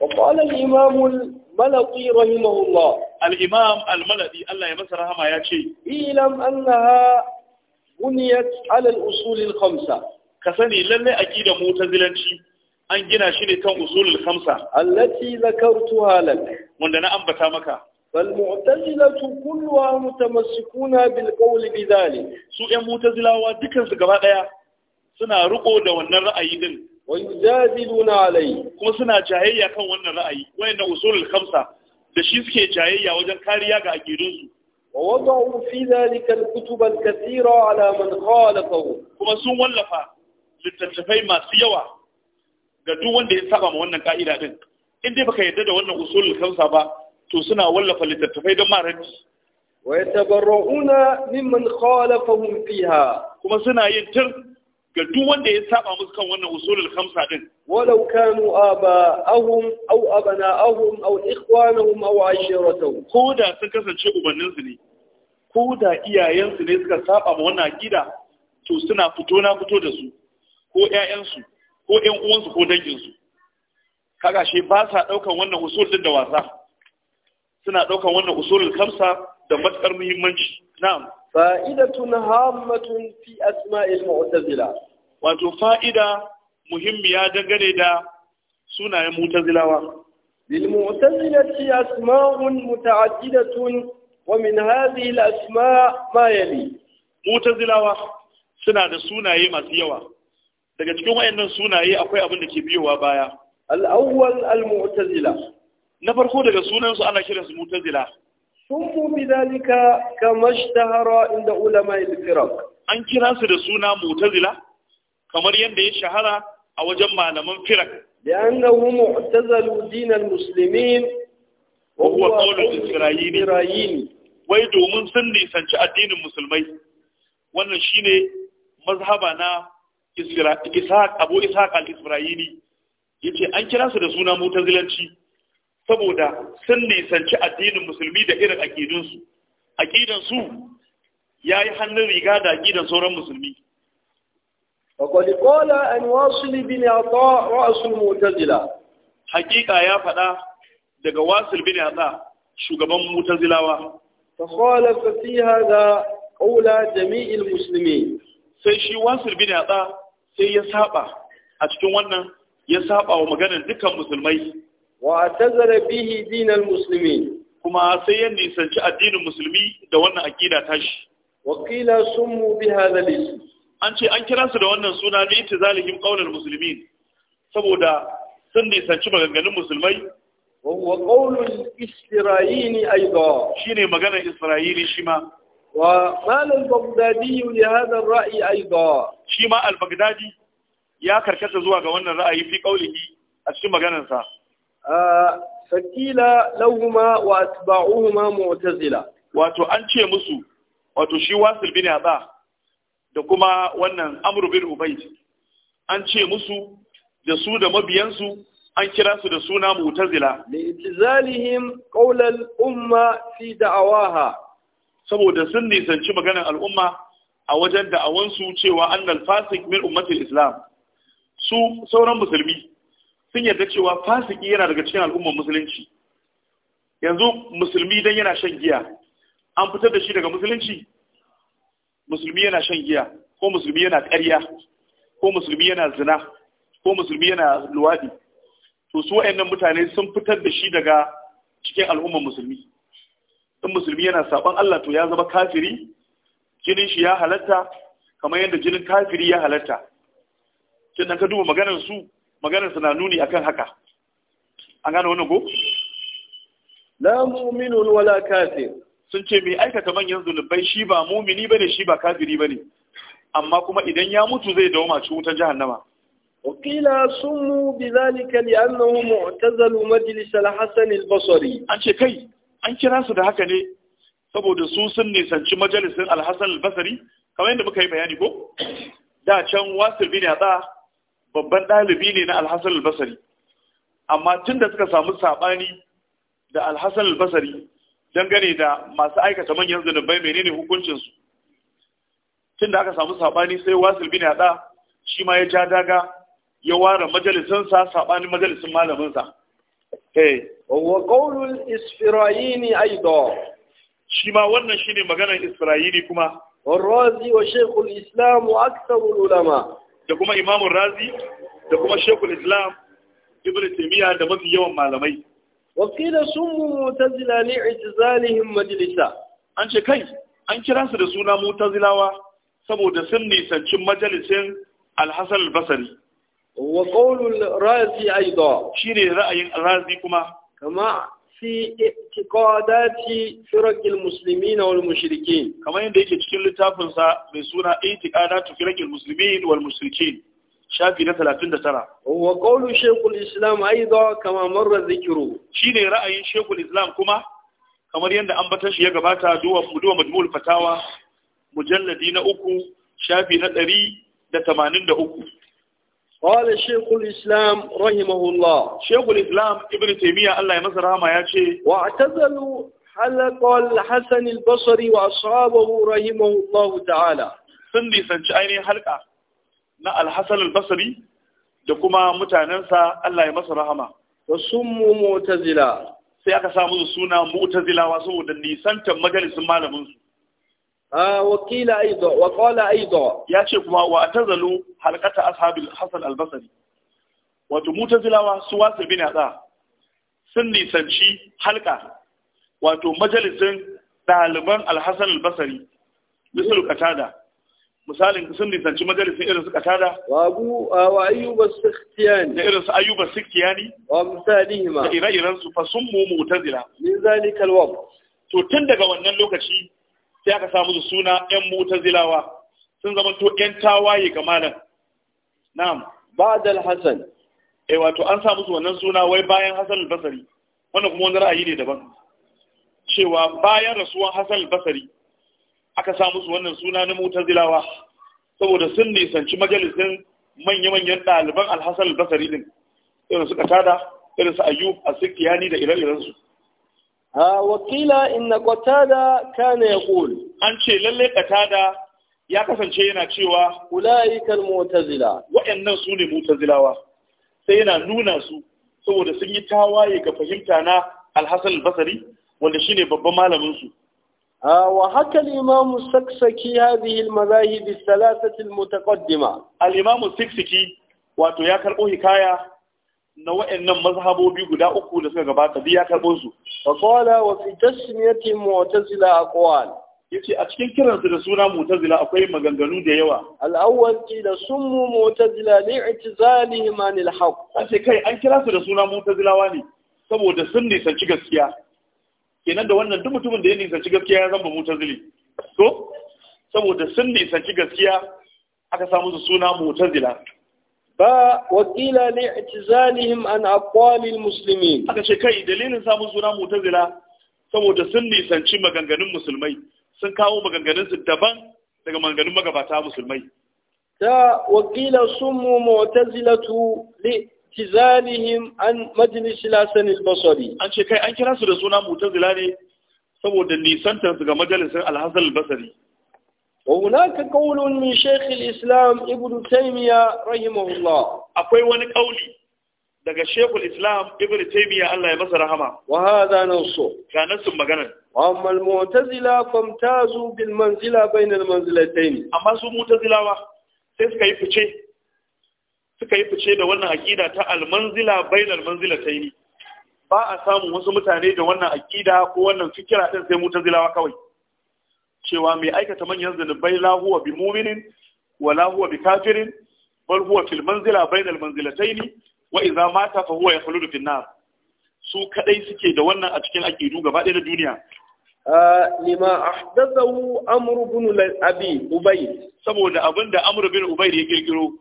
وقال الإمام الملقي رحمه الله الإمام الملقي الله يمسر ya يا شيء إيلم أنها buniyat alal usulil khamsa ka sani lalle aqida mutazilanci an gina shi ne kan usulul khamsa allati zakartuha lak wanda na ambata maka wal mu'tazilatu kulluha mutamassikuna bil qawli bidhalik su ɗan mutazilawa dukan su gaba daya suna riko da wannan ra'ayi din wa yujadiluna alai kuma suna jayayya kan wannan ra'ayi wayannan usulul khamsa da shi suke jayayya wajen kariya ga aqidunsu ووضعوا في ذلك الكتب الكثيرة على من خالفه كما سن ولفا للتتفاي ما سيوا ga duk ya saba ma wannan ka'ida din in dai baka yarda da wannan usulul kansa ba to suna wallafa littattafai don marabi wa yatabarra'una mimman khalafahum fiha kuma suna yin tir ga duk wanda ya saba musu kan wannan usulul khamsa din walau kanu aba'ahum aw ahum aw ikhwanahum aw ashiratuhum ko da sun kasance ubannin su ne ko da iyayen su ne suka saba ma wannan akida to suna fito na fito da su ko ƴaƴan su ko ƴan uwan su ko dangin su kaga shi ba sa daukan wannan usul din da wasa suna daukan wannan usulul khamsa da matsar muhimmanci na'am fa'idatun hammatun fi asma'il mu'tazila wato fa'ida muhimmiya dangane da sunayen mu'tazilawa lil mu'tazilati asma'un muta'addidatun wa min hadhihi asma' ma yali mu'tazilawa suna da sunaye masu yawa daga cikin wayannan sunaye akwai abin da ke biyowa baya al awwal al mu'tazila na farko daga sunansu ana kiransu mu'tazila سموا بذلك كما اشتهر inda علماء الفرق an kira su da suna mutazila kamar yadda ya shahara a wajen malaman firak لأنهم اعتزلوا musulmin, المسلمين وهو قول الإسرائيلي wai domin sun nisanci addinin musulmai wannan shine mazhaba na isaq Abu isaq al-Isra'ili yace an kira su da suna mutazilanci saboda sun nisanci addinin musulmi da irin akidunsu, aƙidansu ya yi hannun riga da aƙidan sauran musulmi وقد قال أن واصل بن عطاء رأس المعتزلة حقيقة يا فدا دغ ga musulmi. sai shi wasil bin yatsa sai ya saba a cikin wannan ya saba wa maganar dukkan musulmai wa tazara bihi dinal muslimin kuma sai ya nisanci addinin musulmi da wannan aqida tashi wakila summu bi hadha al an ce an kira su da wannan suna bi itizalihim qaulal muslimin saboda sun nisanci maganganun musulmai wa qaulul isra'ili aidan shine maganar isra'ili shi ma wa qala al-baghdadi li hadha ar-ra'i aidan shi ma al-baghdadi ya karkata zuwa ga wannan ra'ayi fi qaulihi a cikin maganarsa faƙila lahuma wa atba'uhuma mu'tazila wato an ce musu wato shi wasil bin yaba da kuma wannan amru bin ubayd an ce musu da su da mabiyansu an kira su da suna mu'tazila li'tizalihim al umma fi da'awaha saboda sun nisanci maganar al'umma a wajen da'awansu cewa annal fasik min ummatil islam su sauran musulmi sun yarda cewa fasiki yana daga cikin al'ummar musulunci yanzu musulmi dan yana shan giya an fitar da shi daga musulunci musulmi yana shan giya ko musulmi yana ƙarya ko musulmi yana zina ko musulmi yana luwaɗi to su wa'annan mutane sun fitar da shi daga cikin al'ummar musulmi in musulmi yana saban Allah to ya zama kafiri jinin shi ya halatta kamar yadda jinin kafiri ya halatta tun ka duba maganar su maganar suna nuni akan haka an gano wani ko la mu'minun wala kafir sun ce mai aikata manyan zulubai shi ba mumini bane shi ba kafiri bane amma kuma idan ya mutu zai dawo ci wutar jahannama وقيل سموا بذلك al معتزل An ce kai an kira su da haka ne? saboda su sun nisanci majalisin alhassan basri kamar yadda muka yi bayani ko da can wasu bin yatsa babban ɗalibi ne na alhassan albasari amma tun da suka samu saɓani da alhassan albasari dangane da masu aikata manyan zunubai menene hukuncinsu tun da aka samu saɓani sai wasil bin yaɗa shi ma ya ja daga ya ware majalisinsa saɓanin majalisin malaminsa eh. wa isfirayini shi ma wannan shine maganar isra'ili kuma wa والرازي islam الإسلام aksar ulama. da kuma imamun razi da kuma shekul islam ibn taimiyya da mafi yawan malamai wakila sun mu mutazila ne itizalihim majalisa an ce kai an kira su da suna mutazilawa saboda sun nisanci majalisin alhassan albasari wa qawlul razi aida shine ra'ayin razi kuma kama fi i'tiqadati firaqil muslimin wal mushrikin kamar yadda yake cikin littafin sa mai suna i'tiqadatu firaqil muslimin wal mushrikin shafi na 39 wa qawlu shaykhul islam aidha kama marra dhikru shine ra'ayin shaykhul islam kuma kamar yadda ambatan shi ya gabata duwa duwa majmu'ul fatawa mujalladi na uku shafi na 183 قال شيخ الإسلام رحمه الله شيخ الإسلام ابن تيمية الله يمسر هما ياتي واعتزلوا حلق الحسن البصري وأصحابه رحمه الله تعالى سندي سنشأيني حلقة نا الحسن البصري دكما متعننسى الله يمسر هما وسموا معتزلا sai aka samu suna mu'tazilawa saboda nisantar majalisin malamin su wakila وقيل أيضا kuma, wa يا شيخ ما واعتزلوا al أصحاب Wato البصري وتموتزلا سواس بن هذا sun nisanci halka, wato majalisin ɗaliban al albasari misalu katada misalin sun nisanci majalisin irin su katada wa abu wa ayyuba sikhtiyani da irin su ayyuba sikhtiyani wa misalihima da ire-iren su fa sun mu mu'tazila min zalika alwaqt to tun daga wannan lokaci sai aka samu su suna yan mutazilawa sun zama to yan tawaye ga malam na'am da hasan eh wato an samu su wannan suna wai bayan Hassan al-basri wannan kuma wani ra'ayi ne daban cewa bayan rasuwan Hassan al aka samu su wannan suna na mutazilawa saboda sun nisanci majalisin manya-manyan ɗaliban alhassan albasari din irin su katada irin su ayyub a da ire-irensu wakila inna qatada kana yaqul an ce lalle qatada ya kasance yana cewa ulaika almu'tazila wa'annan su ne mu'tazilawa sai yana nuna su saboda sun yi tawaye ga fahimta na alhassan albasari wanda shine babban malamin su وحكى الإمام السكسكي هذه المذاهب الثلاثة المتقدمة الإمام السكسكي wato ya karɓo hikaya na wa'annan mazhabobi guda uku da suka gabata ya karɓo su faƙwala wa fi tasmiyatin mu'tazila aqwal yace a cikin kiransu da suna mu'tazila akwai maganganu da yawa al-awwal qila summu mu'tazila li'tizalihim anil haqq ace kai an kira su da suna mu'tazilawa ne saboda sun nisanci gaskiya kenan da wannan duk mutumin da ya nisanci gaskiya ya zama mu'tazili to saboda sun nisanci gaskiya aka samu su suna mu'tazila ne فوكيل لاعتزالهم عن أقوال المسلمين aka ce kai dalilin samun suna mutazila saboda sun nisanci maganganun musulmai sun kawo maganganunsu daban daga maganganun magabata musulmai ta wakila sun sumu mu'tazilatu li'tizalihim an majlis al-hasan al-basri an ce kai an kira su da suna mutazila ne saboda nisantar su ga Majalisar Alhassan Basari. وهناك قول من شيخ الإسلام ابن تيمية رحمه الله أقوي وانا قولي daga shekul islam ابن Allah ya masa rahama نص كان نص ga nasu magana فامتازوا amma بين المنزلتين famtazu سو manzila وا سيسكا amma su mu'tazilawa sai yi fice da wannan aqida ta al manzila bayna al ba a samu wasu mutane da wannan aƙida ko wannan fikira din sai mu'tazilawa kawai cewa mai aikata manyan zunubai la bi mu'minin wa la bi kafirin bal huwa fil manzila bainal manzilataini wa idza mata fa huwa yakhludu fin nar su kadai suke da wannan a cikin aqidu gaba ɗaya na duniya ah, lima ahdathahu amr ibn abi ubay saboda abinda amr ibn ubay ya kirkiro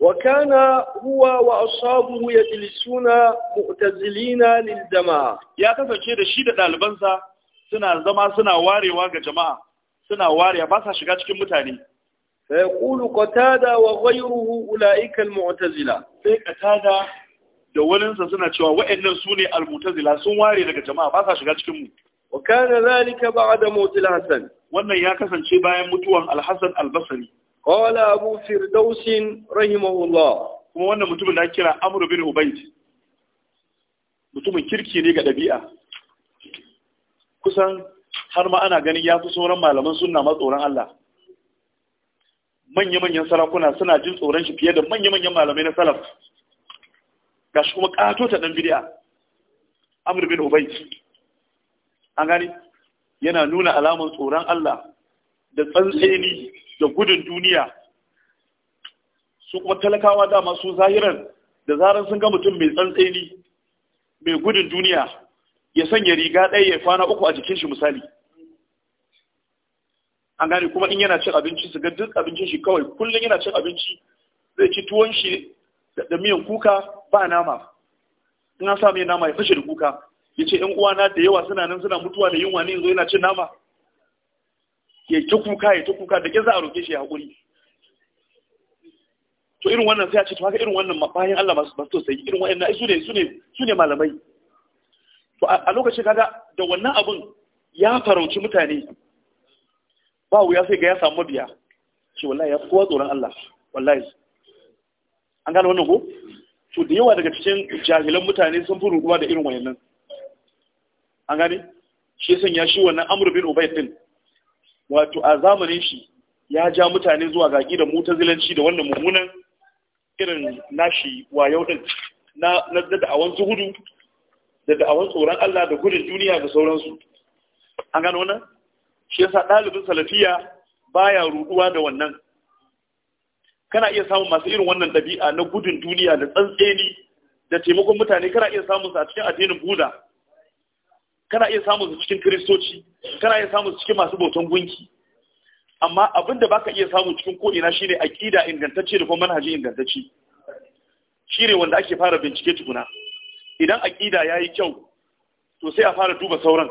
wa kana huwa wa ashabuhu yajlisuna mu'tazilina lil jama'a ya kasance da shi da ɗalibansa suna zama suna warewa ga jama'a suna wariya ba sa shiga cikin mutane sai kulu qatada wa ghayruhu ulaika almu'tazila sai qatada da sa suna cewa wa'annan sune almu'tazila sun ware daga jama'a ba sa shiga cikin mu wa kana zalika ba'da mawt hasan wannan ya kasance bayan mutuwan alhasan albasri qala abu firdaus rahimahullah kuma wannan mutumin da kira amr bin ubayd mutumin kirki ne ga dabi'a kusan har ma ana ganin ya fi sauran malaman sunna ma tsoron Allah manya-manyan sarakuna suna jin tsoron shi fiye da manya-manyan malamai na salaf ga shi kuma ƙato ta ɗan bidiya amur bin ubai an gani yana nuna alamun tsoron Allah da tsantseni da gudun duniya su kuma talakawa dama su zahiran da zarar sun ga mutum mai tsantseni mai gudun duniya ya sanya riga ɗaya ya kwana uku a jikin shi misali an gane kuma in yana cin abinci su ga duk abincin shi kawai kullum yana cin abinci zai ci tuwon shi da miyan kuka ba nama in an sa mai nama ya fashe da kuka ya ce ‘yan uwana da yawa suna nan suna mutuwa da yunwa ne yanzu yana cin nama ya ta kuka ya ta kuka da za a roke shi ya haƙuri to irin wannan sai a ce to haka irin wannan bayan Allah masu basto sai irin wa'annan su ne su ne su ne malamai to a lokacin kaga da wannan abun ya farauci mutane ba wuya sai ga ya samu mabiya shi wallahi ya kowa tsoron Allah wallahi an gane wannan ko to da yawa daga cikin jahilan mutane sun fi rubuwa da irin wayannan an gane shi ya sanya shi wannan amr bin ubayd din wato a zamanin shi ya ja mutane zuwa gaki da mutazilanci da wannan mummunan irin nashi wayau din na na da awan zuhudu da da'awar tsoron Allah da gudun duniya da sauransu an gano nan, shi yasa ɗalibin salafiya baya ruɗuwa da wannan kana iya samun masu irin wannan ɗabi'a na gudun duniya da tsantseni da taimakon mutane kana iya samun su a cikin addinin buda kana iya samun su cikin kiristoci kana iya samun su cikin masu bautan gunki amma abin da baka iya samu cikin ko'ina shine aƙida ingantacce da kuma manhaji ingantacce shine wanda ake fara bincike tukuna idan aƙida ya yi kyau to sai a fara duba sauran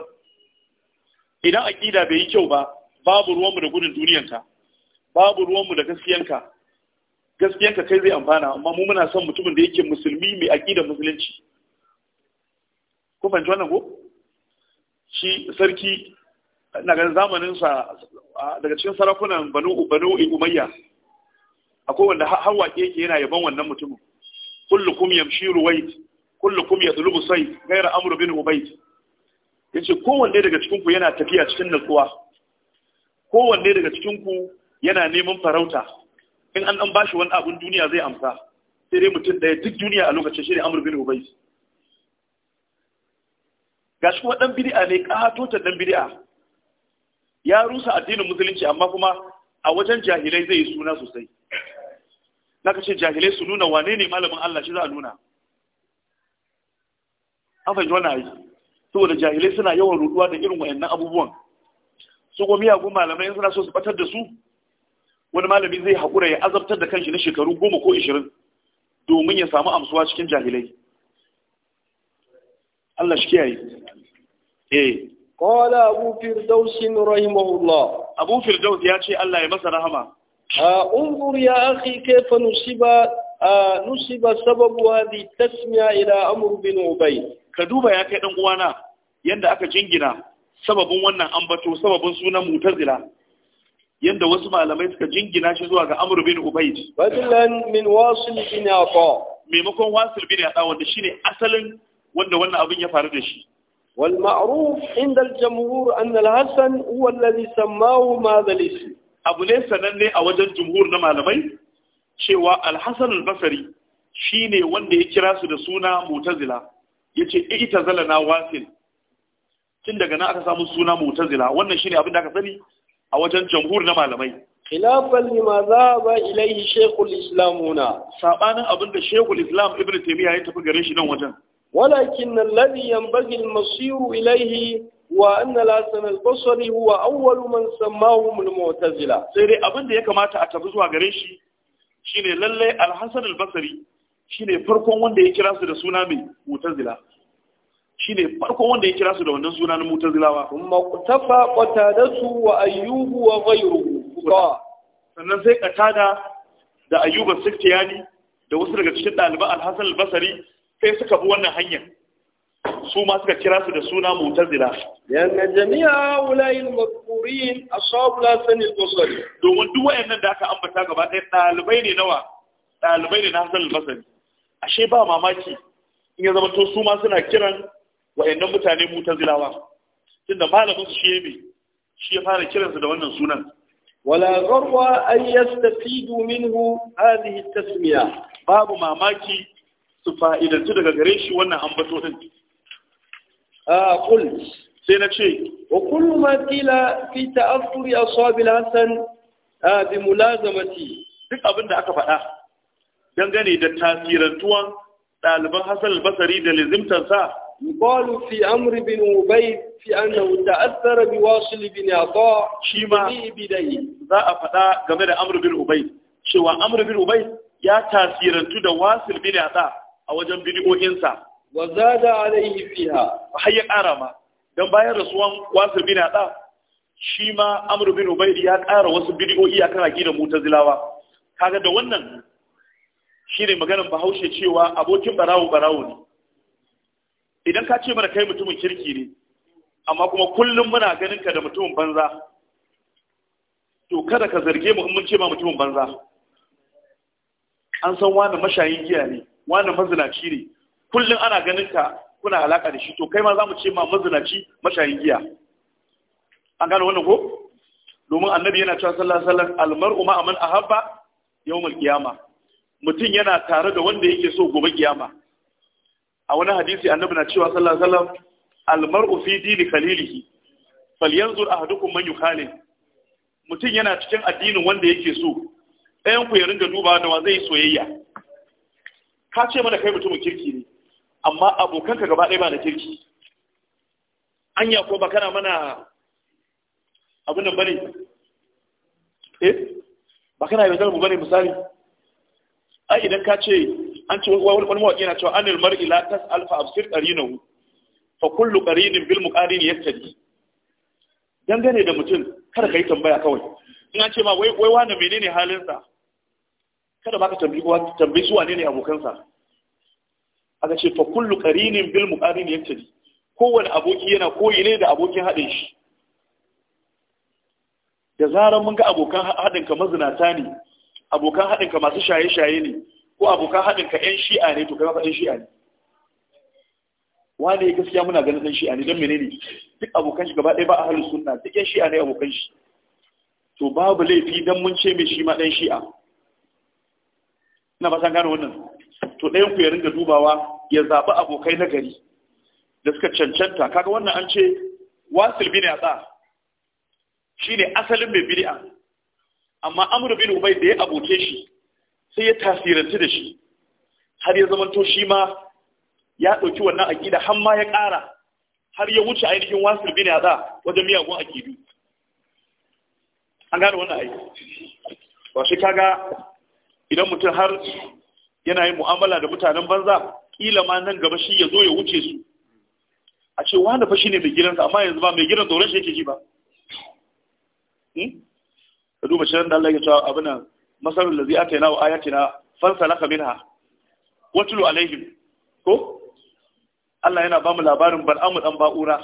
idan aƙida bai yi kyau ba babu ruwanmu da gudun duniyanka babu ruwanmu da gaskiyanka gaskiyanka kai zai amfana amma mu muna son mutumin da yake musulmi mai aƙida musulunci kun fahimci wannan ko shi sarki na ga zamanin sa daga cikin sarakunan banu banu umayya akwai wanda har wake yake yana yaban wannan mutumin kullukum yamshiru ruwait kullukum yadlubu sai ghayra amr bin ubayd yace kowanne daga cikin ku yana tafiya cikin nutsuwa, kowanne daga cikin ku yana neman farauta in an dan bashi wani abun duniya zai amsa sai dai mutum daya duk duniya a lokacin shi ne amr bin ubayd gashi kuma dan bid'a ne ta dan bid'a ya rusa addinin musulunci amma kuma a wajen jahilai zai yi suna sosai na ce jahilai su nuna wane ne malamin Allah shi za a nuna an fahimci wannan aiki saboda jahilai suna yawan ruduwa da irin wayannan abubuwan su ko miyagun malamai suna so su batar da su wani malami zai haƙura ya azabtar da kanshi na shekaru goma ko ishirin domin ya samu amsuwa cikin jahilai Allah shi kiyaye eh qala abu firdaus rahimahullah abu firdaus ya ce Allah ya masa rahama انظر يا أخي كيف نصب نصب سبب هذه التسمية إلى أمر بن عبيد ka duba ya kai dan uwana yadda aka jingina sababin wannan ambato sababin sunan mutazila yadda wasu malamai suka jingina shi zuwa ga amr bin ubaid badalan min wasil bin aqa maimakon wasil bin aqa wanda shine asalin wanda wannan abin ya faru da shi wal ma'ruf inda al jamhur an al hasan huwa alladhi sammahu ma abu ne sananne a wajen jumhur na malamai cewa al hasan al basri shine wanda ya kira su da suna mutazila yace ita na wasil tun daga nan aka samu suna mutazila wannan shine abin da aka sani a wajen jamhur na malamai khilafan lima ba ilayhi shaykhul islam huna sabanin abin da shaykhul islam ibnu taymiya ya tafi gare shi nan wajen walakin nan, yanbaghi al Masiru, Ilaihi wa anna al-hasan huwa awwal man sammahum al-mu'tazila sai dai abin da ya kamata a tafi zuwa gare shi shine lalle al-hasan al-basri shine farkon wanda ya kira su da suna mai mutazila shine farkon wanda ya kira su da wannan suna na mutazilawa kuma tafa su wa ayyubu wa ghayruhu sannan sai qatada da ayyuba siktiyani da wasu daga cikin ɗaliban alhassan albasari sai suka bi wannan hanyar su ma suka kira su da suna mutazila yana jami'a wulayin makurin a sabula sanin basari domin duk wayannan da aka ambata gaba ɗaya ɗalibai ne nawa ɗalibai ne na hasan albasari ashe ba mamaki in ya zama to su ma suna kiran wa'annan mutane mu zilawa. tun malamin su shi shi ya fara kiran su da wannan sunan wala zarwa an yastafidu minhu hadhihi tasmiya babu mamaki su fa'idatu daga gare shi wannan ambato din a kul sai na ce wa kullu ma qila fi ta'affuri ashabil hasan bi mulazamati duk abin da aka faɗa dangane da tasirantuwan ɗaliban Hassan al-Basri da lizimtansa يقال في أمر بن عبيد في أنه تأثر بواصل بن عطاء شيما da ذا bin جميل أمر بن عبيد شوى أمر بن عبيد يا تأثيرا تدى واصل بن عطاء أو جنب بن أوهنسا وزاد عليه فيها وحي أرما دم باير رسوان واصل بن عطاء شيما أمر بن عبيد يا أرى واصل بن أوهي أكرا جينا متزلاوا kaga da wannan shi ne maganin bahaushe cewa abokin barawo barawo ne idan ka ce mana kai mutumin kirki ne amma kuma kullum muna ganin ka da mutumin banza to kada ka zarge mu in mun ce ma mutumin banza an san wani mashayin giya ne wani mazinaci ne kullum ana ganin ka kuna alaka da shi to kai ma za mu ce ma mazinaci mashayin giya an gano wannan ko domin annabi yana cewa sallallahu alaihi wasallam almar'u ma ahabba yawmal qiyamah mutum yana tare da wanda yake so gobe kiyama a wani hadisi annabi na cewa sallallahu alaihi wasallam almar'u fi dini khalilihi falyanzur ahadukum man yukhalil mutum yana cikin addinin wanda yake so ɗayan ku ya ringa duba da wa zai soyayya ka ce mana kai mutumin kirki ne amma abokanka gaba ɗaya ba na kirki anya ko ba kana mana abin nan bane eh ba kana yaudar mu bane misali a idan ka ce an ci wani mawaƙi na cewa anil mar'i la tas alfa absir hu fa kullu ƙarinin bil ta yastadi dangane da mutum kada ka yi tambaya kawai in an ce ma wai wai wani menene halinsa kada ba ka tambayi tambayi su wane ne abokansa aka ce fa kullu ƙarinin bil muqarin yastadi kowane aboki yana koyi ne da abokin haɗin shi da zarar mun ga abokan haɗin ka mazinata ne abokan haɗinka masu shaye-shaye ne ko abokan haɗinka 'yan shi'a ne to kai fa 'yan shi'a ne wani gaskiya muna ganin ɗan shi'a ne don mene ne? duk abokan shi gaba ɗaya ba a halin suna, duk 'yan shi'a ne abokan shi to babu laifi don mun ce mai shi ma ɗan shi'a ina ba san gane wannan to ɗayan ku ya ringa dubawa ya zaɓi abokai na gari da suka cancanta kaga wannan an ce wasil bin Shi ne asalin mai bid'a amma amr bin ubay da ya abuce shi sai ya tasirantu da shi har ya zamanto shi ma ya ɗauki wannan aƙida har ma ya ƙara har ya wuce ainihin wasil bin yada wajen miyagun aƙidu an gane wannan aiki ba shi kaga idan mutum har yana yin mu'amala da mutanen banza kila ma nan gaba shi ya zo ya wuce su a ce wani fa shine mai gidansa amma yanzu ba mai gidan tsoron shi yake ji ba hmm? ka duba shirin da Allah ya cewa abin nan masalul ladzi ayati na fansa fansalaka minha watlu alaihim ko Allah yana ba mu labarin bal'amu dan ba'ura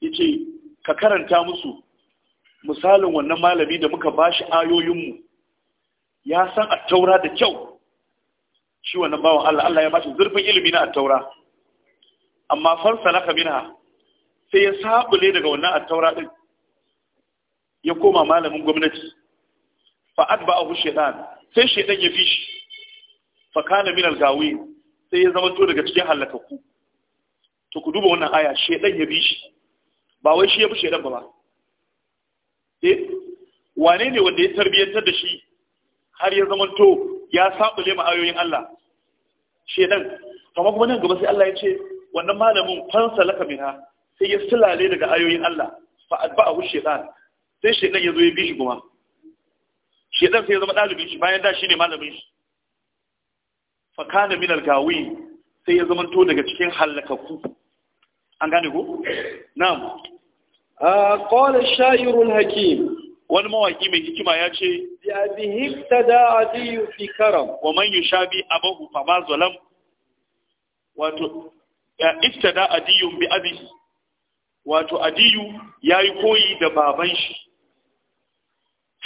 yace ka karanta musu misalin wannan malami da muka bashi ayoyinmu ya san at-taura da kyau shi wannan bawan Allah Allah ya bashi zurfin ilimi na at-taura amma fansa fansalaka minha sai ya sabule daga wannan at-taura din ya koma malamin gwamnati Ba a atba'ahu shaytan sai shaidan ya fi shi. kana min algawi sai ya zama to daga cikin halakaku to ku duba wannan aya Shaidan ya shi. ba wai shi ya fi shaidan ba ba eh wane ne wanda ya tarbiyyantar da shi har ya zama to ya sabule ma ayoyin Allah Shaidan kama kuma nan gaba sai Allah ya ce wannan malamin fansa laka minha sai ya sulale daga ayoyin Allah Ba a atba'ahu shaytan sai ɗan ya zo ya bi shi kuma shedan sai ya zama ɗalibin shi bayan da shi ne malamin shi faka da min gawi sai ya zama to daga cikin halakaku an gane ko na'am kawai sha'irun hakim wani mawaki mai hikima ya ce ya bi bihi da adiyu fi karam wa man yushabi a fa ma zalam wato ya da adiyu bi abi wato adiyu yi koyi da baban shi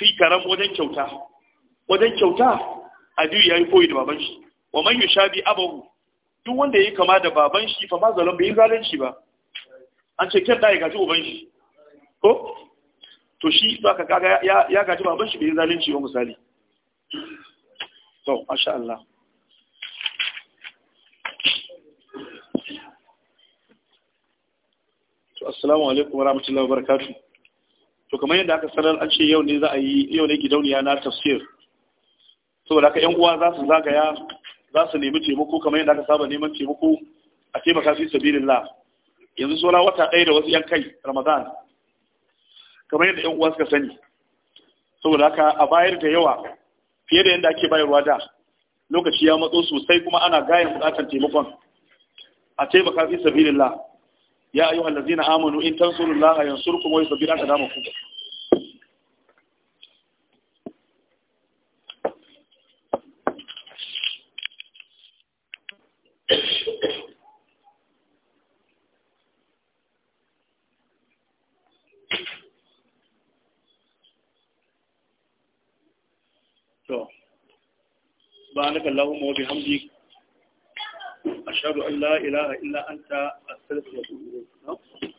fi karam wajen kyauta wajen kyauta aliyu ya yi koyi da baban shi wa man yushabi abahu duk wanda ya yi kama da baban shi fa ma zalum bai zalunci ba an ce kyan dai ya gaji uban shi ko to shi za ka kaga ya gaji baban shi bai zalunci ba misali to masha Allah to assalamu alaikum wa rahmatullahi wa barakatuh to kamar yadda aka sanar an ce yau ne za a yi yau ne gidauniya na tafsir saboda haka yan uwa za su zagaya za su nemi taimako kamar yadda aka saba neman taimako a taimaka fi sabilillah yanzu suna wata ɗaya da wasu yan kai ramadan kamar yadda yan uwa suka sani saboda haka a bayar da yawa fiye da yadda ake bayarwa da lokaci ya matso sosai kuma ana gayan bukatar taimakon a taimaka fi sabilillah يا أيها الذين آمنوا إن تنصروا الله ينصركم ويثبت أقدامكم سبحانك اللهم وبحمدك أشهد أن لا إله إلا أنت Celestial. No?